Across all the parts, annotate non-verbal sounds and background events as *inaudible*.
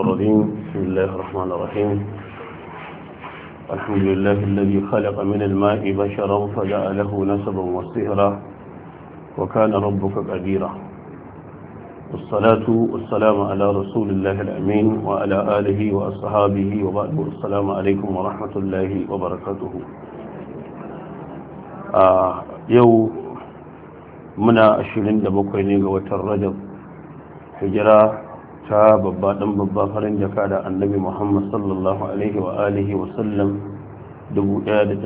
الرجيم بسم الله الرحمن الرحيم الحمد لله الذي خلق من الماء بشرا فجعله نسبا وصهرا وكان ربك قديرا والصلاة والسلام على رسول الله الأمين وعلى آله وأصحابه وبعد السلام عليكم ورحمة الله وبركاته آه يو منا أشرين دبقيني وتر رجب هجرة ta babba dan babba farin jaka da annabi muhammad sallallahu alaihi wa alihi wa sallam 1442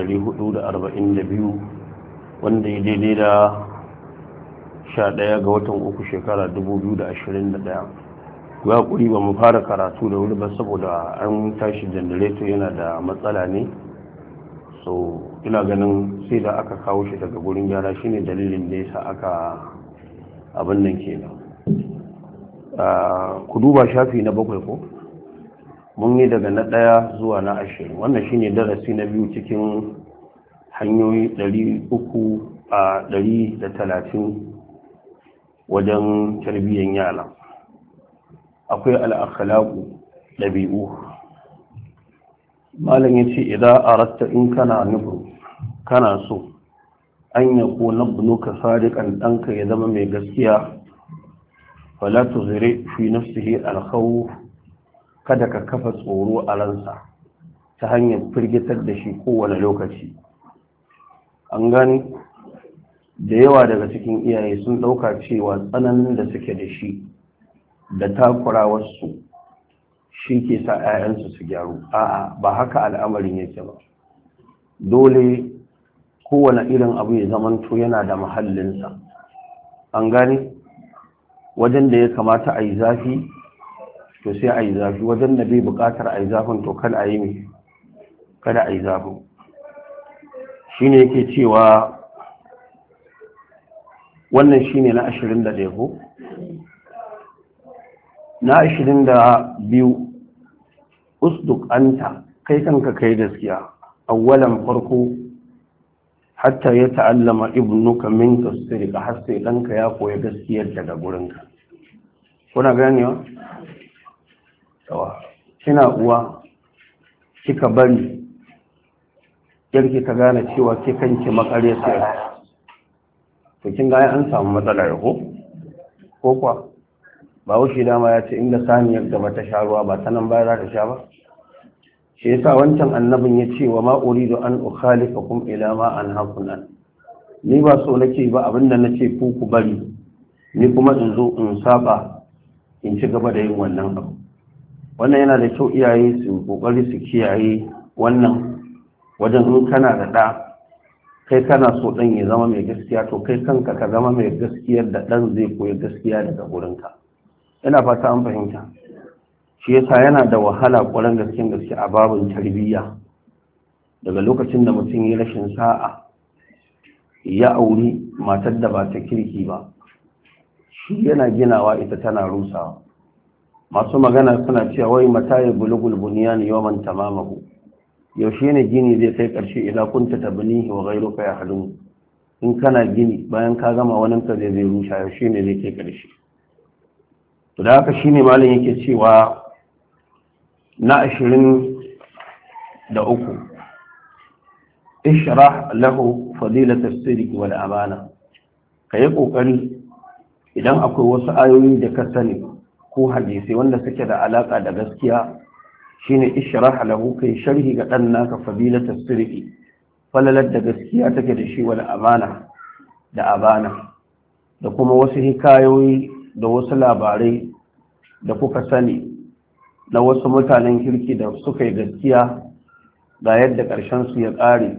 wanda ya daidai da 11 ga watan uku shekara 2021 ya kuri ba mu fara karatu da wuri ba saboda an tashi jandareto yana da matsala ne so ina ganin sai da aka kawo shi daga gurin gyara shine dalilin da yasa aka abin nan kenan Ah, ku duba shafi na bakwai ko mun yi daga na ɗaya zuwa na ashirin wannan shi ne darasi na biyu cikin hanyoyi ɗari uku a ɗari da talatin wajen tarbiyyar yara akwai al'akhalaku ɗabi'u malam ya ce idan aratta in kana nufin kana so an yi ko na bunuka sadiƙan ɗanka ya zama mai gaskiya wala tuzire fi nafsihi alkhawf kada ka kafa tsoro a ransa ta hanyar firgitar da shi kowane lokaci an gani da yawa daga cikin iyaye sun ɗauka cewa tsananin da suke da shi da takurawarsu shi ke sa 'ya'yansu su gyaru a'a ba haka al'amarin yake ba dole kowane irin abu ya zamanto yana da mahallinsa an gani wajen da ya kamata a yi zafi to sai a yi zafi wajen da bai bukatar a yi zafin to kada a yi mai kada a yi zafin shi ne yake cewa wannan shi ne na ashirin da ɗaya ko na ashirin da biyu usduk anta kai kanka kai gaskiya awwalan farko hatta ya ta'allama ibnuka min tasirika har sai ɗanka ya koya gaskiyar daga gurinka kuna wa? yawa kina uwa kika bari yarki ka gane cewa ke kanki makare sai to kin ga an samu matsala ko ko kwa ba wuce dama ya ce inda saniyar gaba ta sha ruwa ba ta nan baya za ta sha ba shi yasa wancan annabin ya ce wa ma da an ukhalifakum ila ma anhaqun an ni ba so nake ba abinda nace ku ku bari ni kuma in zo in saba in ci gaba da yin wannan abu wannan yana da kyau iyaye su kokari su kiyaye wannan wajen in kana da da kai kana so dan ya zama mai gaskiya to kai kanka ka zama mai gaskiyar da dan zai koyi gaskiya daga gurinka ina fata an fahimta shi yasa yana da wahala ƙwarar gaske gaske a babin tarbiyya daga lokacin da mutum ya rashin sa'a ya auri matar da ba ta kirki ba shi yana ginawa ita tana rusawa masu magana suna cewa wai mata ya ya buniyan yawan tamamahu yaushe ne gini zai kai ƙarshe idan kunta tabnihi wa ghayruka ya halum in kana gini bayan ka gama wani ka zai zai rusha yaushe ne zai kai ƙarshe to da haka shine malam yake cewa na ashirin da uku ishara lahu Fadila sirri wal amana ka yi ƙoƙari idan akwai wasu ayoyi da ka sani ko hadisi, wanda suke da alaƙa da gaskiya shine ishara lahu kai sharhi ga ɗan naka fadila tafsiri falalar da gaskiya take da shi wani amana da abana da kuma wasu hikayoyi da wasu labarai da kuka sani na wasu mutanen kirki da suka yi gaskiya da yadda ƙarshen su ya ƙare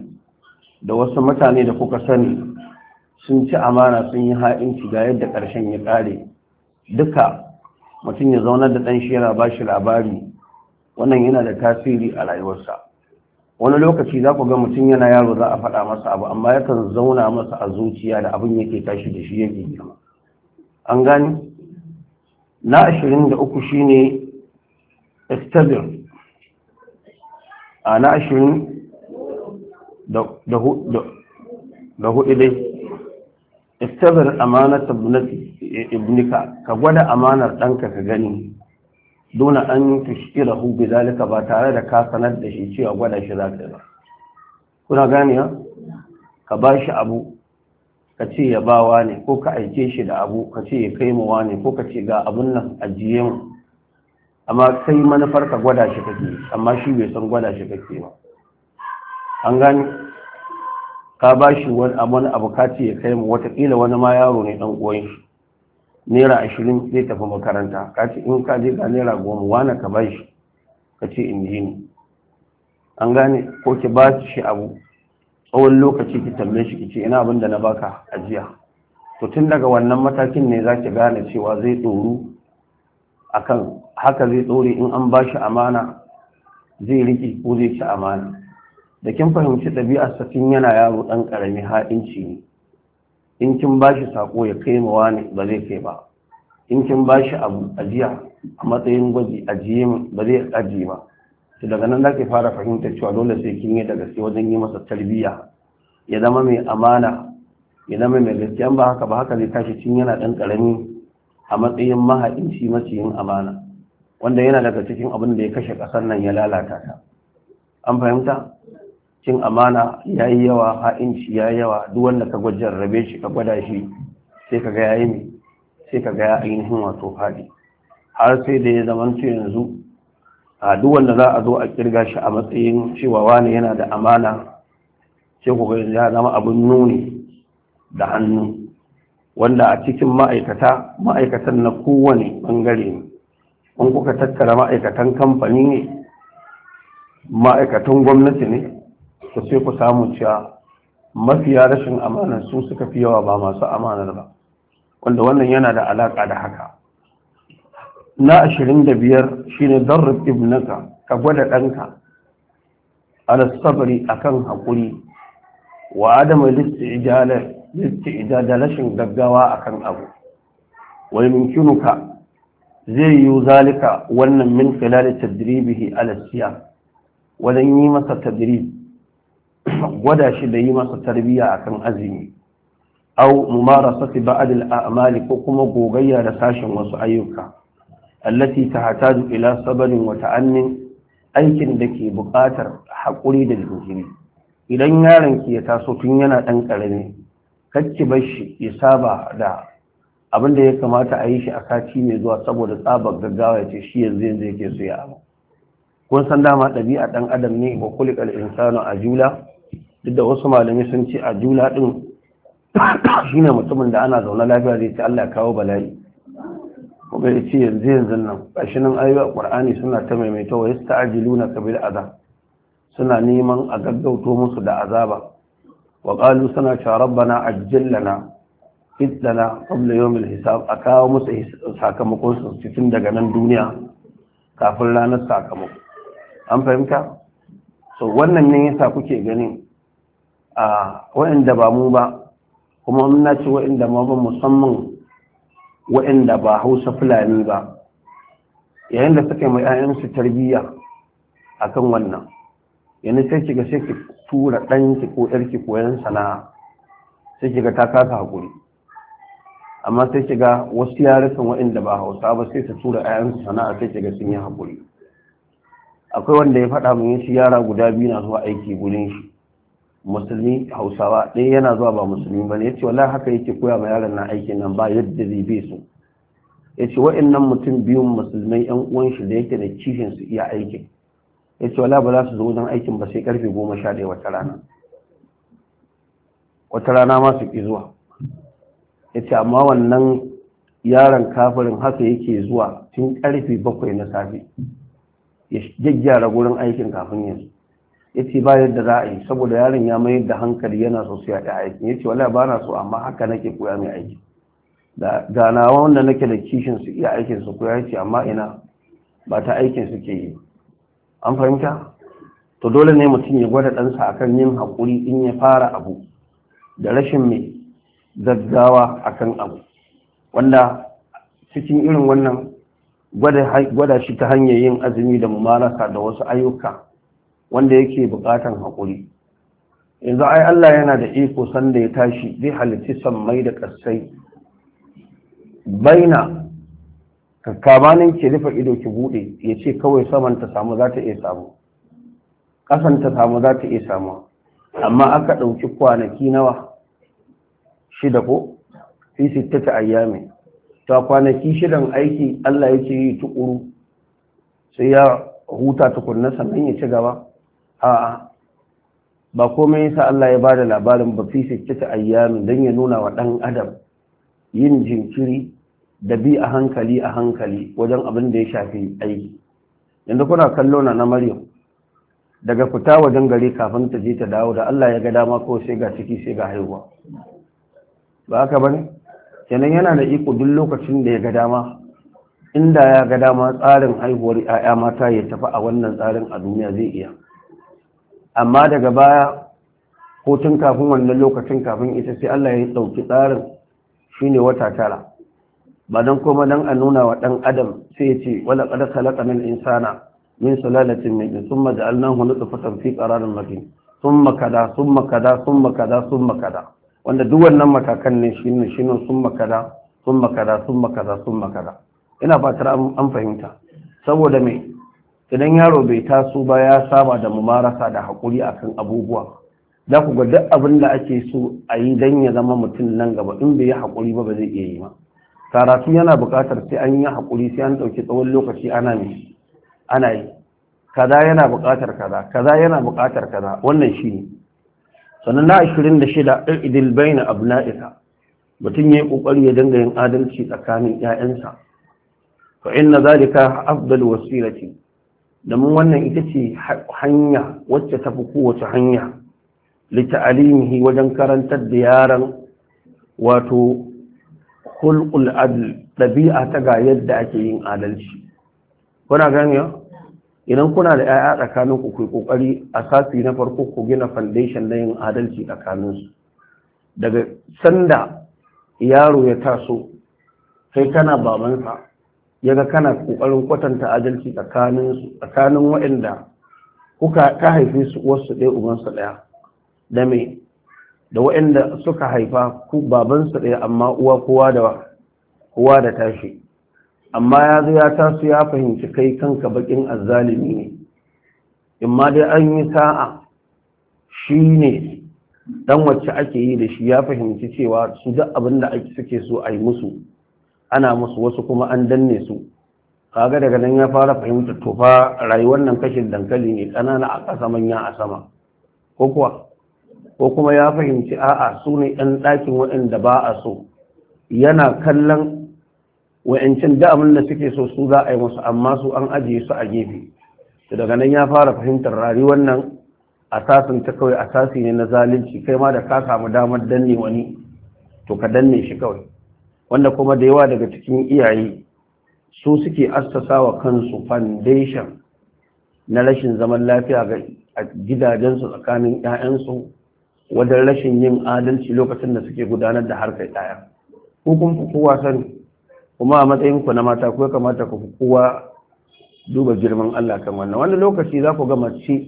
da wasu mutane da kuka sani sun ci amana sun yi ha'inci ga yadda ƙarshen ya ƙare duka mutum ya zaunar da ɗan shi yana ba shi labari wannan yana da tasiri a rayuwarsa wani lokaci za ku ga mutum yana yaro za a faɗa masa abu amma yakan zauna masa a zuciya da abin yake tashi da shi yake girma an gani na ashirin da uku shine istabir a na ashirin da hudu dai istabir amanata ibnika ka gwada amanar ɗanka ka gani duna an tushkira hu bi zalika ba tare da ka sanar da shi cewa gwada shi kuna ka ba shi abu ka ce ya bawa ne ko ka aike shi da abu ka ce ya kai wa ne ko ka ce ga abun nan ajiye mu amma kai manufar ka gwada shi kake amma shi bai san gwada shi kake ba an gani ka ba shi wani abu ka ya kai mu watakila wani ma yaro ne dan uwan shi naira ashirin zai tafi makaranta ka ce in ka je ga naira goma wani ka ba shi ka ce in ji ni an gane ko ki ba shi abu tsawon lokaci ki tambaye shi ki ce ina abin da na baka ajiya to tun daga wannan matakin ne za ki gane cewa zai tsoro akan haka zai ɗore in an ba shi amana zai riƙe ko zai ci amana da kin fahimci ɗabi'a satin yana yaro ɗan ƙarami ha'inci ne in kin ba shi saƙo ya kai mawa ne ba zai kai ba in kin ba shi abu ajiya a matsayin gwaji ajiye ba zai ajiye ba to daga nan za ki fara fahimtar cewa dole sai kin yi daga gaske wajen yi masa tarbiyya ya zama mai amana ya zama mai gaskiya ba haka ba haka zai tashi cin yana ɗan ƙarami a matsayin mahaɗinci maciyin amana wanda yana daga cikin abin da ya kashe ƙasar nan ya lalata ta an fahimta cin amana ya yi yawa ha'inci ya yi yawa duk wanda ka gwajar rabe shi ka gwada shi sai ka ga ya yi sai ka ga ya ainihin wato faɗi har sai da ya zama su yanzu a duk wanda za a zo a kirga shi a matsayin cewa wani yana da amana sai ku yanzu, ya zama abin nuni da hannu wanda a cikin ma'aikata ma'aikatan na kowane bangare ne in kuka tattara ma'aikatan kamfani ne ma'aikatan gwamnati ne ku sai ku samu cewa mafiya rashin amanar su suka fi yawa ba masu amanar ba wanda wannan yana da alaka da haka na ashirin da biyar shi ne darrif ibnaka ka gwada ɗanka alasabari a kan haƙuri wa adama listi ijada rashin gaggawa a kan abu wai ka. zai yi zalika wannan min khilali tadribihi ala siyam wajen yi masa tadrib gwada shi da yi masa tarbiya akan azumi au mumarasati ba'd al-a'mali ko kuma gogayya da sashin wasu ayyuka allati tahtaju ila sabrin wa ta'annin aikin da ke buƙatar haƙuri da jinkiri idan yaron ki ya taso tun yana ɗan ƙarami kacci bar shi ya saba da abin da ya kamata a yi shi a kaci mai zuwa saboda tsabar gaggawa ya ce shi yanzu yanzu yake so ya abu kun san dama ɗabi'a ɗan adam ne ba kulikar Insano a jula duk da wasu malamai sun ce a jula ɗin *coughs* ne mutumin da ana zaune lafiya zai ce Allah kawo bala'i kuma ya ce yanzu yanzu nan ƙashi nan ayyuka ƙur'ani suna ta maimaita wa yasta na kabil azab suna neman a gaggauto musu da azaba wa suna sana cha rabbana ajjil fitnana qabla yawmil hisab a kawo musu sakamakon su cikin daga nan duniya kafin ranar sakamako an fahimta so wannan ne yasa kuke gani a waɗanda ba mu ba kuma muna ce wa'inda ma ba musamman wa'inda ba hausa fulani ba yayin da suka yi mai 'ya'yansu tarbiyya a kan wannan yana sai kiga sai ki tura ɗanki ko ƴarki koyon sana'a sai ga ta kasa haƙuri amma sai shiga wasu yarisan waɗanda ba hausa ba sai su tura ayansu sana'a sai shiga sun yi haƙuri akwai wanda ya faɗa mun shi yara guda biyu na zuwa aiki gudun shi musulmi hausawa ɗaya yana zuwa ba musulmi ba ne ya ce wala haka yake koya ma yaran na aikin nan ba yadda zai bi su ya ce wa'innan mutum biyun musulmai yan uwan shi da yake da kishin su iya aikin ya ce wala ba za su zo wajen aikin ba sai karfe goma sha ɗaya wata rana wata rana ma su ki zuwa ya ce amma wannan yaron kafirin haka yake zuwa tun karfe bakwai na safe ya gyaggyara gurin aikin kafin yanzu ya ce ba yadda za a yi saboda yaron ya mayar da hankali yana so su yaɗa aikin ya ce wala ba na so amma haka nake koya mai aiki da gana wanda nake da kishin su iya aikin su koya ce amma ina ba ta aikin su ke yi an fahimta to dole ne mutum ya gwada ɗansa akan yin haƙuri in ya fara abu da rashin mai gaggawa kan abu wanda cikin irin wannan gwada shi ta hanyar yin azumi da mumarasa da wasu ayyuka wanda yake bukatan haƙuri yanzu ai Allah yana da iko sanda ya tashi zai halitti sammai da ƙasai baina kakabanin ke rufe ido ki bude ya ce kawai saman ta samu za ta iya samu ƙasan ta samu za ta iya samu amma aka ɗauki kwanaki nawa shida ko fi sittata ayyami to a kwanaki shidan aiki Allah yake yi tukuru sai ya huta tukunna sannan ya ci gaba a'a ba komai yasa Allah ya bada labarin ba fi sittata ayyami dan ya nuna wa dan adam yin jinkiri da bi a hankali a hankali wajen abin da ya shafi aiki yanzu kuna kallo na na Maryam daga fita wajen gari kafin ta je ta dawo da Allah ya ga dama ko sai ga ciki sai ga haihuwa ba haka ba ne kenan yana da iko duk lokacin da ya ga dama inda ya ga dama tsarin haihuwar 'ya'ya mata ya tafi a wannan tsarin a duniya zai iya amma daga baya ko tun kafin wannan lokacin kafin ita sai Allah ya ɗauki tsarin shine wata tara ba don kuma don a nuna wa ɗan adam sai ce wala ƙada salaka min insana min sulalatin min summa ja'alnahu nutfatan fi qararin makin sun kada sun kada sun kada sun kada wanda duk wannan matakan ne shi ne shi sun makada sun makada sun makada sun makada ina fatar an fahimta saboda mai idan yaro bai taso ba ya saba da mumarasa da haƙuri akan abubuwa za ku ga duk abin da ake so a yi don ya zama mutum nan gaba in bai yi haƙuri ba ba zai iya yi ma karatu yana buƙatar sai an yi haƙuri sai an ɗauki tsawon lokaci ana mai ana yi kaza yana buƙatar kaza kaza yana buƙatar kaza wannan shi ne sannan na 26 idil bayna abna'ika mutum yi ƙoƙari ya dinga yin adalci tsakanin ƴaƴansa fa inna zalika afdal wasilati domin wannan ita ce hanya wacce ta fi kowace hanya lita'alimihi wajen karantar da yaran wato hulqul adl ɗabi'a ta ga yadda ake yin adalci kuna gani idan kuna da 'ya'ya tsakanin ku kai kokari a sasi na farko ku gina foundation na yin adalci tsakanin su daga sanda yaro ya taso sai kana babansa ya ga kana kokarin kwatanta adalci tsakanin su tsakanin waɗanda kuka ka haife su wasu ɗaya ubansa ɗaya da me da waɗanda suka haifa ku babansa ɗaya amma uwa kowa da kowa da tashi amma ya zo ya taso ya fahimci kai kanka bakin azzalimi ne in ma dai an yi sa'a shi ne dan wacce ake yi da shi ya fahimci cewa su duk abin da ake suke so a yi musu ana musu wasu kuma an danne su kaga daga nan ya fara fahimta to fa rayuwar nan kashin dankali ne kanana a ƙasa manya a sama ko kuwa ko kuma ya fahimci a'a su ne ɗan ɗakin waɗanda ba a so yana kallon wayancin da abin da suke so su za a yi musu amma su an ajiye su a gefe to daga nan ya fara fahimtar rari wannan asasin ta kawai asasi ne na zalunci kai ma da ka samu damar danne wani to ka danne shi kawai wanda kuma da yawa daga cikin iyaye su suke assasa wa kansu foundation na rashin zaman lafiya ga gidajensu tsakanin 'ya'yansu wajen rashin yin adalci lokacin da suke gudanar da harkar 'ya'ya hukun kowa sani kuma a matsayinku na mata ku kamata ku kuwa duba girman Allah kan wannan wani lokaci za ku ga mace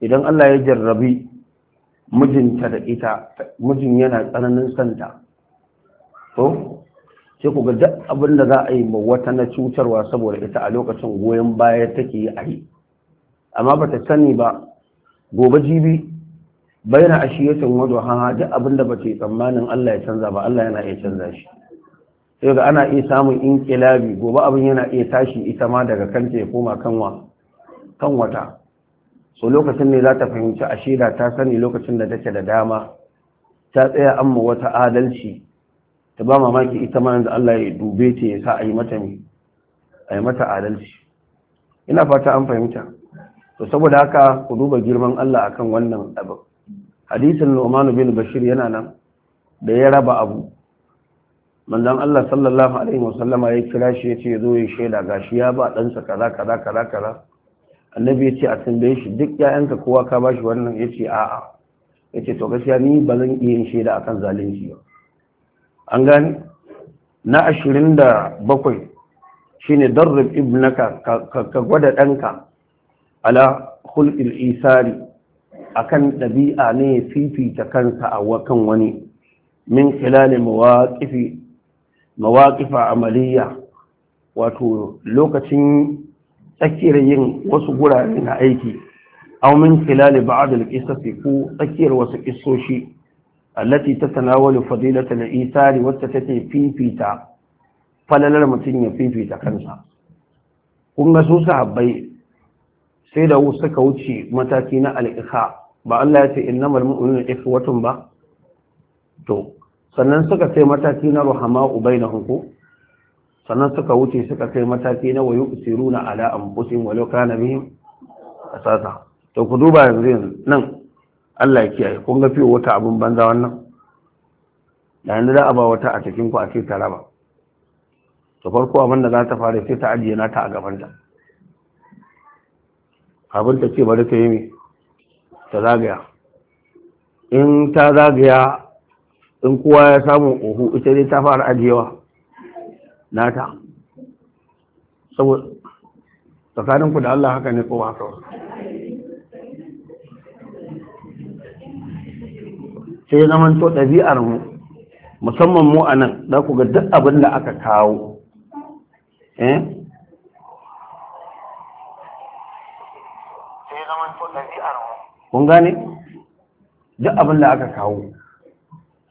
idan Allah ya jarrabi mijinta da ita mijin yana tsananin santa to sai ku ga duk abin da za a yi wata na cutarwa saboda ita a lokacin goyon baya take yi a yi amma ba ta sani ba gobe jibi bayan ashiyatin wadu ha duk abin da bata yi tsammanin Allah ya canza ba Allah yana iya canza shi sai ga ana iya samun inkilabi gobe abin yana iya tashi ita ma daga kanta ya koma kan wata so lokacin ne za ta fahimci a shida ta sani lokacin da take da dama ta tsaya an ma wata adalci ta ba mamaki ita ma da Allah ya dube ta ya sa a yi mata a yi mata adalci ina fata an fahimta to saboda haka ku duba girman Allah akan wannan abu hadisin Umar bin Bashir yana nan da ya raba abu manzon Allah sallallahu alaihi wasallama ya kira shi ya yace zo ya shaida gashi ya ba dan sa kaza kaza kaza kaza annabi ya ce a tambaye shi duk yayanka kowa ka ba shi wannan ya ce a'a Ya ce to gaskiya ni ba zan iya yin shaida akan zalunci ba an gane na ashirin da 27 shine darrib ibnaka ka gwada danka ala khulqil isari akan dabi'a ne fifita kansa a kan wani min khilal mawaqifi mawaƙifa amaliya wato lokacin tsakiyar yin wasu gurare na aiki aw min khilal ba'd al-qisas tsakiyar wasu qissoshi allati tatanawalu fadilata al-isari wacce take fifita falalar mutum ya fifita kansa kun ga su sahabbai sai da suka wuce mataki na al ba Allah ya ce innamal mu'minu ikhwatun ba to sannan suka kai mataki na ruhama na hunku sannan suka wuce suka kai mataki na wayu na ala anfusihim walau kana a asasa to ku duba yanzu yanzu! nan Allah ya kiyaye kun ga fiye wata abin banza wannan da yanzu za a ba wata a cikin ku a ce ta raba to farko abin da za ta fara sai ta ajiye ta a gabanta abin ta ce bari ta yi mai ta zagaya in ta zagaya in kowa ya samu ohu ita ne ta fara ajiyewa nata saboda tsakaninku da Allah haka ne kowa haka sai zaman to ɗabi'ar mu musamman mu a nan za ku ga duk abin da aka kawo eh? kun gane duk abin da aka kawo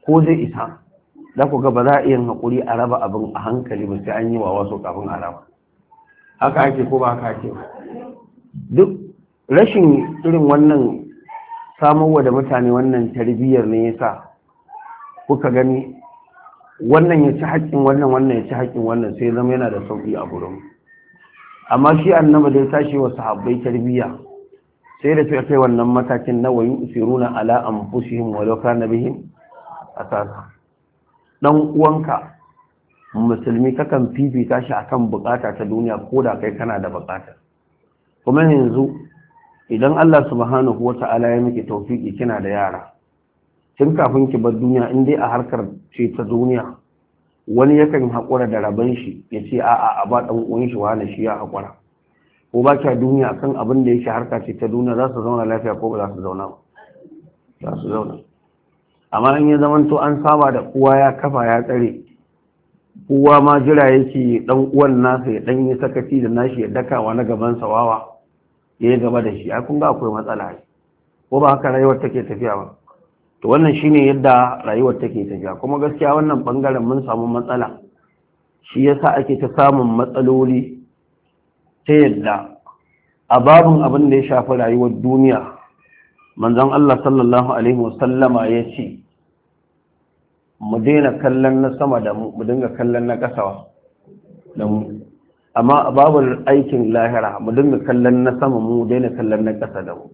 ko zai isa za ku ga ba za a iya haƙuri a raba abin a hankali ba sai an yi wa wasu kafin a raba haka ake ko ba haka ake duk rashin irin wannan samarwa da mutane wannan tarbiyyar ne yasa kuka gani wannan ya ci haƙƙin wannan wannan ya ci haƙƙin wannan sai zama yana da sauƙi a gurin amma shi annaba da ya tashi wa sahabbai tarbiyya sai da suka kai wannan matakin na wayu usiruna ala anfusihim wa law kana bihim a tasa ɗan uwanka musulmi kakan fifita shi akan bukata ta duniya ko da kai kana da bukata kuma yanzu idan Allah subhanahu wata'ala ya miki taufiki kina da yara tun kafin ki bar duniya in dai a harkar ce ta duniya wani yakan haƙura da rabon shi ya ce a'a a ba ɗan uwan shi wani shi ya haƙura ko ba kya duniya akan abin da yake harka ce ta duniya za su zauna lafiya ko ba za su zauna ba za su zauna amma in ya zamanto an saba da kowa ya kafa ya tsare kowa ma jira yake dan uwan nasa ya dan yi sakaci da nashi ya dakawa na gaban sawawa ya yi gaba da shi a kun ga akwai matsala ko ba haka rayuwar take tafiya ba to wannan shine yadda rayuwar take tafiya kuma gaskiya wannan bangaren mun samu matsala shi yasa ake ta samun matsaloli ta yadda a babin abin da ya shafi rayuwar duniya manzon Allah sallallahu alaihi wasallama ya ce mu daina kallon na sama da mu mu dinga kallon na ƙasa da mu amma babu aikin lahira mu dinga kallon na sama mu daina kallon na ƙasa da mu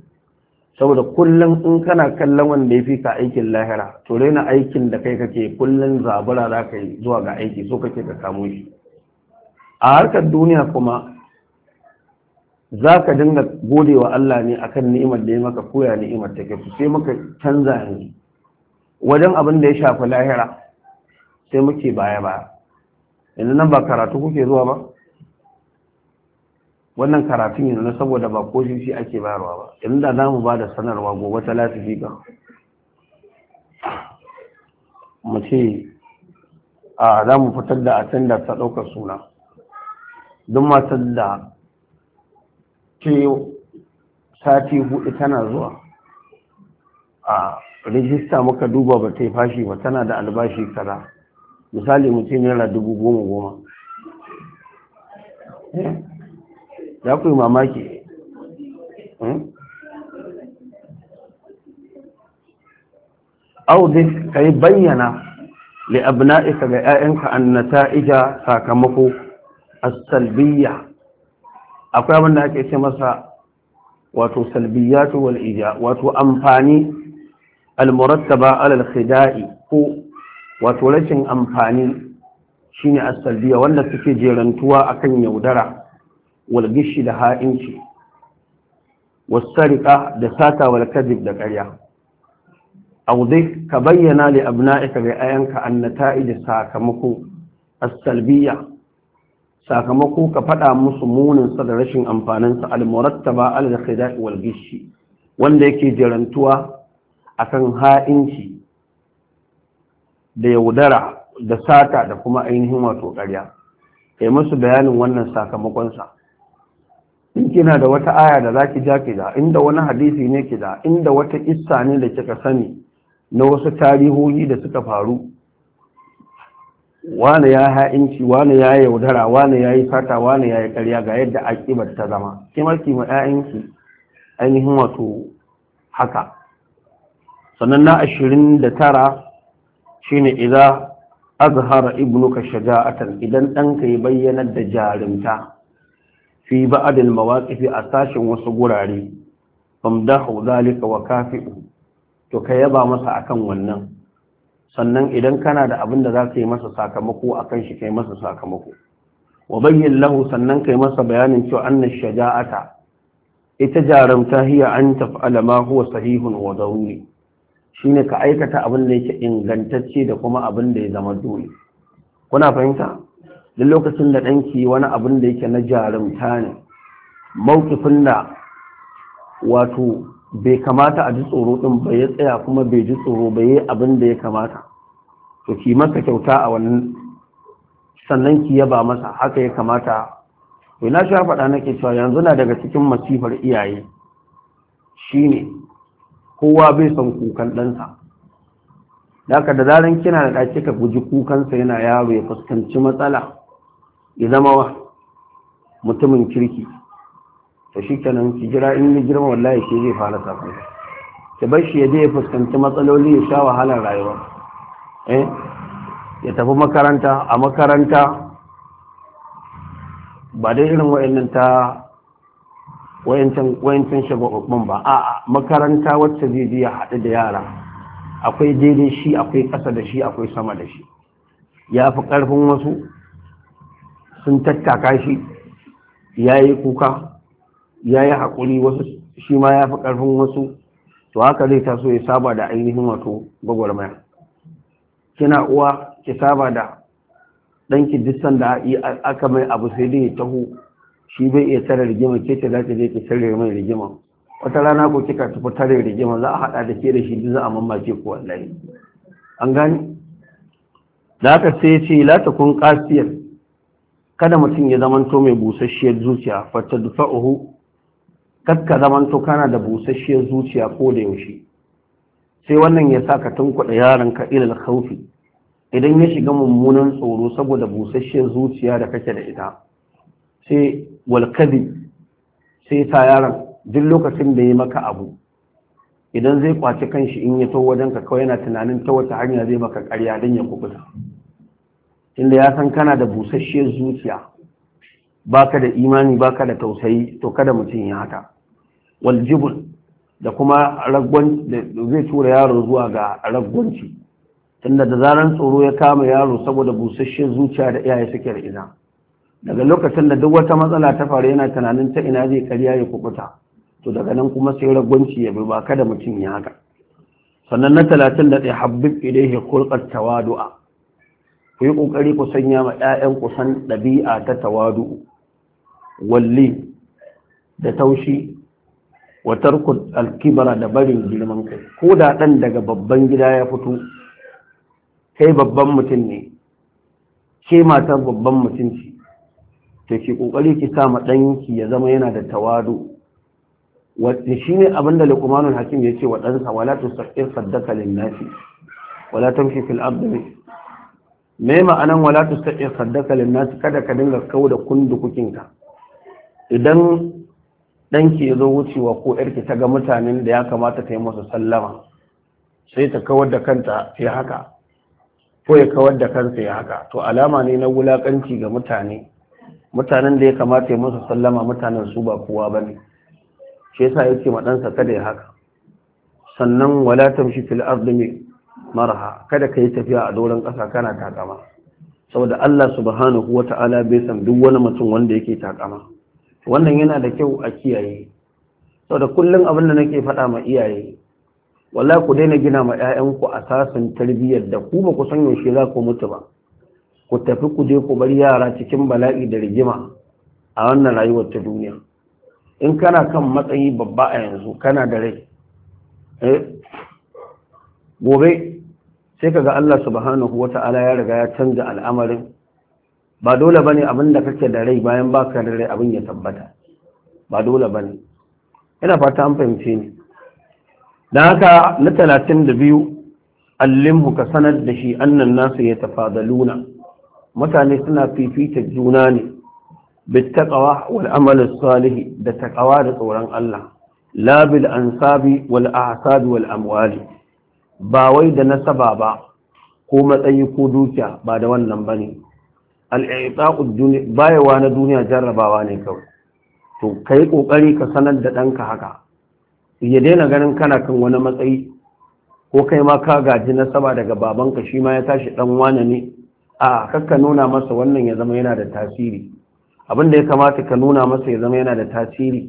saboda kullum in kana kallon wanda ya fi ka aikin lahira to raina aikin da kai kake kullum zabura za ka yi zuwa ga aiki so kake ka samu shi a harkar duniya kuma za ka dinga gode wa Allah ne akan ni'imar da ya maka koya ni'imar take ku sai muka canza ne wajen abin da ya shafi lahira sai muke baya ba yanzu nan ba karatu kuke zuwa ba wannan karatun yanzu na saboda ba ko shi ake bayarwa ba yanzu da zamu ba da sanarwa gobe ta lasifi ba mu ce a za mu fitar da atenda ta ɗaukar suna don matar da ce sati hudu tana zuwa a rijista muka duba ba ta yi fashi ba tana da albashi kaza misali mutum yana dubu goma goma Ya eh, kuyi mamaki hmm? audi ka yi bayyana li'abna'ika ga 'ya'yanka an nata'ija sakamako as-salbiyya akwai abin da ake ce masa wato salbiyatu wal ija wato amfani almurattaba alal khida'i ko wato rashin amfani shine as-salbiya wanda suke jerantuwa akan yaudara wal gishi da ha'inci sariqa da sata wal kadhib da ƙarya dai ka bayyana li abna'ika ga ayanka an da sakamako as-salbiya sakamako ka faɗa musu muninsa da rashin amfaninsa almurattaba al khida'i wal gishi wanda yake jarantuwa akan ha'inci da yaudara da sata da kuma ainihin wato ƙarya kai musu bayanin wannan sakamakonsa in kina da wata aya da zaki ja ki da inda wani hadisi ne ki da inda wata issa ne da kika sani na wasu tarihohi da suka faru wane ya ha'inci wane ya yaudara wane ya yi fata wane ya yi karya ga yadda aƙibar ta zama kimarki ma 'ya'yanki ainihin wato haka sannan na ashirin da tara shine idan azhara ibnuka shaja'atan idan ɗanka ya bayyana da jarumta fi ba'adil mawaqifi a sashin wasu gurare famdahu zalika wa kafi'u to ka yaba masa akan wannan sannan idan kana da abin da za ka yi masa sakamako a kan shi kai masa sakamako wa bayyin lahu sannan yi masa bayanin cewa an na shaja'ata ita jarumta hiya an tafi ma huwa sahihun wa daruri shine ka aikata abin da yake ingantacce da kuma abin da ya zama dole kuna fahimta duk lokacin da danki wani abin da yake na jarumta ne mawkifin da wato bai kamata a ji tsoro din bai ya tsaya kuma bai ji tsoro bai yi abin da ya kamata to ki masa kyauta a wannan sannan ki yaba masa haka ya kamata Wai na sha faɗa nake cewa yanzu na daga cikin masifar iyaye shine kowa bai son kukan ɗansa haka da zaran kina da ɗaki ka guji kukansa yana yaro ya fuskanci matsala ya zama mutumin kirki da shi kanan ki jira in yi girma wallahi shi zai fara sako ta bar shi ya je ya fuskanci matsaloli ya sha wahalar rayuwa eh ya tafi makaranta a makaranta ba dai irin wa'annan ta wayancin shagwabban ba a makaranta wacce zai je ya haɗu da yara akwai daidai shi akwai ƙasa da shi akwai sama da shi ya fi ƙarfin wasu sun tattaka shi ya yi kuka ya yi haƙuri wasu shi ma ya fi ƙarfin wasu to haka zai taso ya saba da ainihin wato gwagwarmaya kina uwa ki saba da ɗanki distan da aka mai abu sai dai ya taho shi bai iya tare rigima ke ce za ki je ki tare mai rigima wata rana ko kika tafi tare rigima za a haɗa da ke da shi duk za a mamace ko wallahi an gani da haka sai ce la ta kun kasiyar kada mutum ya zamanto mai busasshiyar zuciya fata dufa'uhu Kadka zaman to kana da busasshiyar zuciya ko da yaushe sai wannan ya sa ka tunkuɗa yaron ka ilal khawfi idan ya shiga mummunan tsoro saboda busasshiyar zuciya da kake da ita sai wal sai ta yaron duk lokacin da ya maka abu idan zai kwaci kanshi in ya to wajen ka kawai yana tunanin ta wata hanya zai maka ƙarya don ya kubuta inda ya san kana da busasshiyar zuciya baka da imani baka da tausayi to kada mutum ya haka Waljibul, da kuma zai tura yaro zuwa ga ragwanci tunda da zaran tsoro ya kama yaro saboda busasshen zuciya da iyaye suke da ina daga lokacin da duk wata matsala ta faru yana tunanin ta ina zai karya ya kubuta to daga nan kuma sai ragwanci ya bi ba kada mutum ya haka sannan na talatin da ɗaya idai ya kurkar tawadu'a ku yi ƙoƙari ku sanya ma 'ya'yan kusan ɗabi'a ta tawadu'u walli da taushi wa tarku alkibara da barin girman kai ko da dan daga babban gida ya fito kai babban mutum ne ke matar babban mutum ce ta ke kokari ki sa ma ya zama yana da tawadu ne shine abinda Luqmanul Hakim ce wa ɗansa, wala tusaqir saddaka lin-nasi wala tamshi fil ardi me ma'anan wala tusaqir saddaka lin-nasi kada ka dinga kauda kundukukinka idan ɗanki ya zo wucewa ko ‘yarki ta ga mutanen da ya kamata ta yi masa sallama sai ta kawar da kanta ya haka ko ya kawar da kansa ya haka to alama ne na wulaƙanci ga mutane mutanen da ya kamata ya masa sallama mutanen su ba kowa ba ne shi yasa ya ce maɗansa kada ya haka sannan wala tamshi fil ardi maraha. kada ka yi tafiya a doron ƙasa kana takama saboda Allah subhanahu wata'ala bai san duk wani mutum wanda yake takama wannan yana da kyau a kiyaye sau da kullum abin da nake faɗa ma iyaye walla ku daina gina ma 'ya'yanku a sasin tarbiyyar da ku ba ku san yaushe za ku mutu ba ku tafi ku je ku bar yara cikin bala'i da rigima a wannan rayuwar ta duniya in kana kan matsayi babba a yanzu kana da rai eh, gobe sai ga Allah subhanahu wata'ala ya riga ya canza al'amarin ba dole ne abin da kake da rai bayan baka da rai abin ya tabbata ba dole ba ne. ina fata an fahimce ni Na haka na talatin da biyu. allimhu ka sanar da shi annan nasu ya tafadaluna mutane suna fifita juna ne Bittakawa wal amal salih da takawa da tsoron Allah Labil bil ansabi wal ahsab wal amwali ba wai da nasaba ba ko matsayi ko dukiya ba da wannan bane al'iqaqud duniya bayawa na duniya jarrabawa ne kawai to ka yi ƙoƙari ka sanar da ɗanka haka ya daina ganin kana kan wani matsayi ko kai ma ka gaji nasaba daga babanka shi ma ya tashi ɗan wane ne a kakka nuna masa wannan ya zama yana da tasiri abin da ya kamata ka nuna masa ya zama yana da tasiri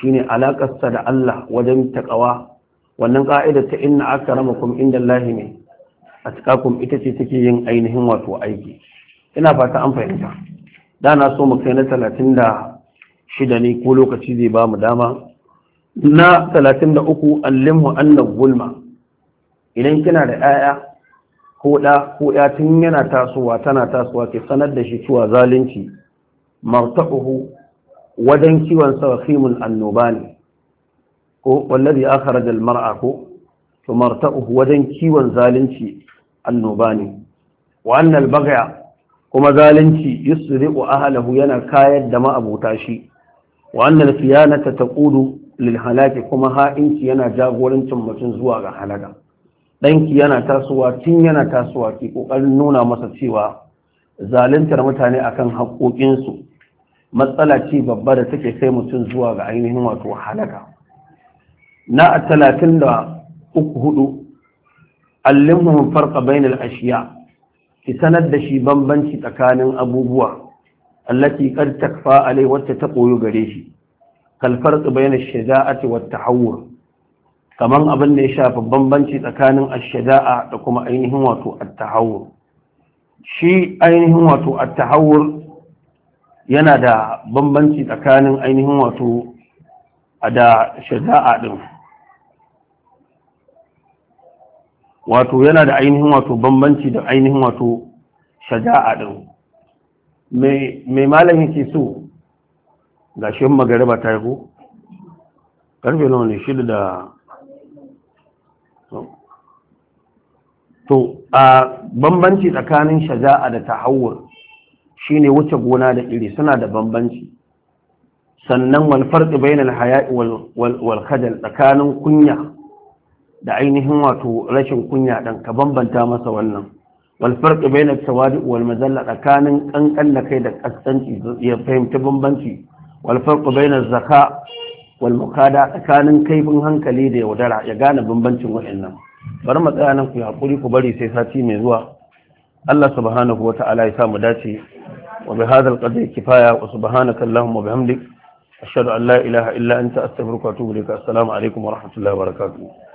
shine alakarsa da Allah wajen taƙawa. wannan ƙa'ida ta inna akramakum indallahi ne atqakum ita ce take yin ainihin wato aiki ina fata an fahimta da na so mu kai na talatin da shida ne ko lokaci zai ba mu dama na talatin da uku allimhu annan gulma idan kina da 'ya'ya ko ɗa ko ya tun yana tasowa tana tasowa ke sanar da shi cewa zalunci marta'uhu wajen kiwon sa khimun annoba ne ko wallazi akhraj al mar'a ko to marta'uhu wajen kiwon zalunci annoba ne wa anna baghya kuma zalunci yusri'u ahlahu yana kayar da ma'abuta shi wa annal khiyanata ƙudu lil halaki kuma ha'inci yana jagorancin mutum zuwa ga halaka danki yana tasowa tun yana tasowa ki kokarin nuna masa cewa zaluntar mutane akan su matsala ce babba da take kai mutum zuwa ga ainihin wato halaka na talatin da uku hudu allimhum farqa bainal ashiya ki sanar da shi bambanci tsakanin abubuwa allati qad takfa alai wacce ta koyo gare shi kal farq bayna ash wat tahawwur kaman abin da ya shafa bambanci tsakanin ash-shaja'a da kuma ainihin wato at-tahawwur shi ainihin wato at-tahawwur yana da bambanci tsakanin ainihin wato da shaja'a din wato yana da ainihin wato bambanci da ainihin wato shaja'a ɗin mai malam yake so ga shi magariba ta yi ko karfe nawa ne shida da to a bambanci tsakanin shaja'a da shi ne wuce gona da iri suna da bambanci sannan wal farqi bainal haya'i wal khajal tsakanin kunya da ainihin wato rashin kunya ɗan ka bambanta masa wannan walfar baina na tawadi wal mazalla tsakanin ƙanƙan da kai da ƙasƙanci ya fahimci bambanci walfarƙi bai zaka wal mukada tsakanin kaifin hankali da yaudara ya gane bambancin waɗannan bari mu tsaya nan ku haƙuri ku bari sai sati mai zuwa Allah subhanahu wa ta'ala ya mu dace wa bi hadha qadri kifaya wa subhanaka allahumma wa bihamdik ashhadu an la ilaha illa anta astaghfiruka wa atubu ilaik assalamu alaikum wa rahmatullahi wa barakatuh